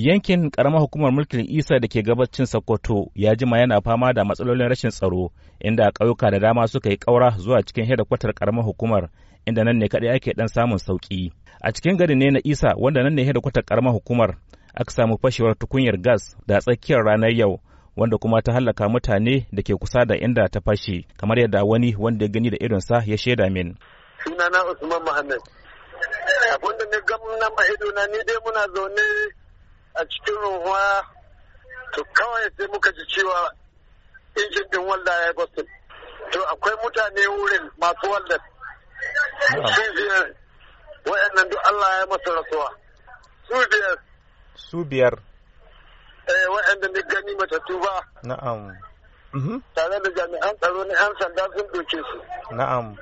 Yankin karamar hukumar mulkin Isa da ke gabacin Sokoto ya jima yana fama da matsalolin rashin tsaro inda ƙauyuka da dama suka yi ƙaura zuwa cikin hidda-kwatar ƙaramar hukumar inda nan ne kaɗai ake ɗan samun sauƙi. A cikin gari ne na Isa wanda nan ne hidda-kwatar ƙaramar hukumar aka samu fashewar tukunyar gas da tsakiyar ranar yau wanda kuma ta hallaka mutane da ke kusa da inda ta fashe kamar yadda wani wanda ya gani da sa ya shaida min. Sunana Usman Muhammad. Abunda ne gamna ma idona ni dai muna zaune a cikin ruwa to kawai sai muka ji cewa injin din walda ya gosu to akwai mutane wurin masu walda su biyar wa'annan duk Allah ya masa rasuwa su biyar su biyar eh wa'anda ne gani mata tuba na'am mm-hmm. tare da jami'an tsaro na yan sanda sun doke su na'am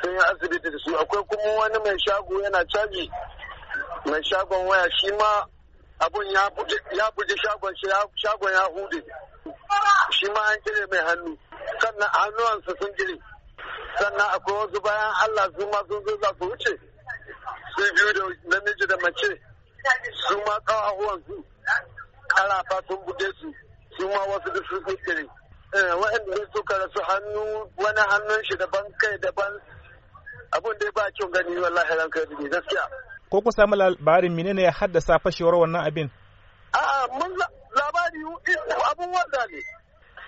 sun yi asibiti da su akwai kuma wani mai shago yana caji mai shagon waya shi ma abun ya buji shagon shi shagon ya hude shi ma an cire mai hannu sannan hannuwansa sun jire sannan akwai wasu bayan Allah su ma sun zo za su wuce sai biyu da namiji da mace su ma kawahuwan su karafa sun buɗe su su ma wasu da su kuskure eh, waɗanda suka rasu hannu wani hannun shi daban kai daban abun dai ba kyau gani wallahi kai gaskiya ko ku samu labarin menene ya haddasa fashewar wannan abin a'a mun labari abun walda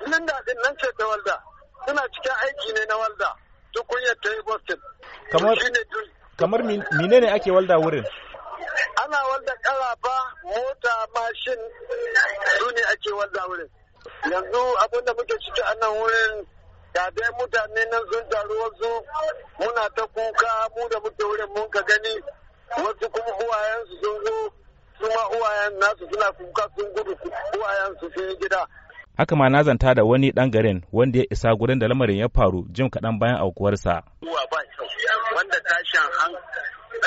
ne da din nan ce ta walda suna cikin aiki ne na walda tukunyar ta yi boston kamar kamar menene ake walda wurin ana walda karafa mota mashin su ne ake walda wurin yanzu abinda muke ciki a nan wurin ya dai mutane nan sun taru wasu muna ta kuka mu da muke wurin mun ka gani wasu kuma uwayensu sun zo su uwayen nasu suna kuka sun gudu uwayensu sun yi gida haka ma na zanta da wani dan garin wanda ya isa gurin da lamarin ya faru jim kaɗan bayan aukuwarsa.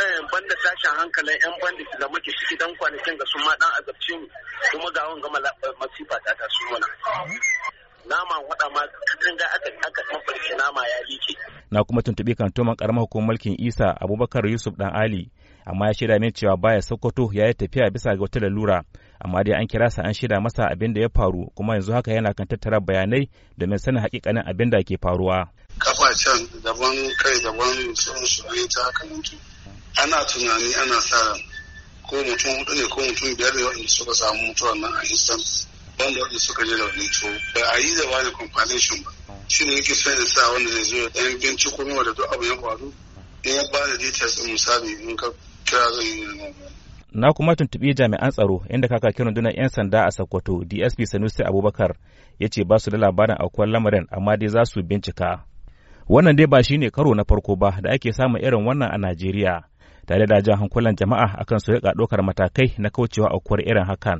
Eh, banda tashin hankalin 'yan bandi da muke ciki dan kwanakin ga sun ma dan azabci mu kuma ga wanga masifa ta taso mana. nama waɗa ma katanga aka aka mafarki nama ya lice. Na kuma tuntuɓi kantoman ƙaramar hukumar mulkin Isa Abubakar Yusuf Dan Ali amma ya shirya min cewa baya Sokoto ya yi tafiya bisa ga wata lalura amma dai an kira sa an shirya masa abin da ya faru kuma yanzu haka yana kan tattara bayanai domin sanin hakikanin abin da ke faruwa. Kafacen daban kai daban sun shirye ta haka mutu. Ana tunani ana sa ko mutum hudu ne ko mutum biyar ne waɗanda suka samu mutuwa nan a instance. wanda wanda suka ji raunin ciwo ba a yi da da compensation ba shi ne yake sai da sa wanda zai zo ya ɗan binciko kuma da duk abu ya faru in ya ba da details in misali in ka kira zai yi na kuma tuntuɓi jami'an tsaro inda kaka kakakin dunan 'yan sanda a Sokoto DSP Sanusi Abubakar ya ce ba su da labarin aukuwar lamarin amma dai za su bincika. Wannan dai ba shi ne karo na farko ba da ake samun irin wannan a Najeriya tare da jan hankulan jama'a akan su riƙa ɗaukar matakai na kaucewa aukuwar irin hakan.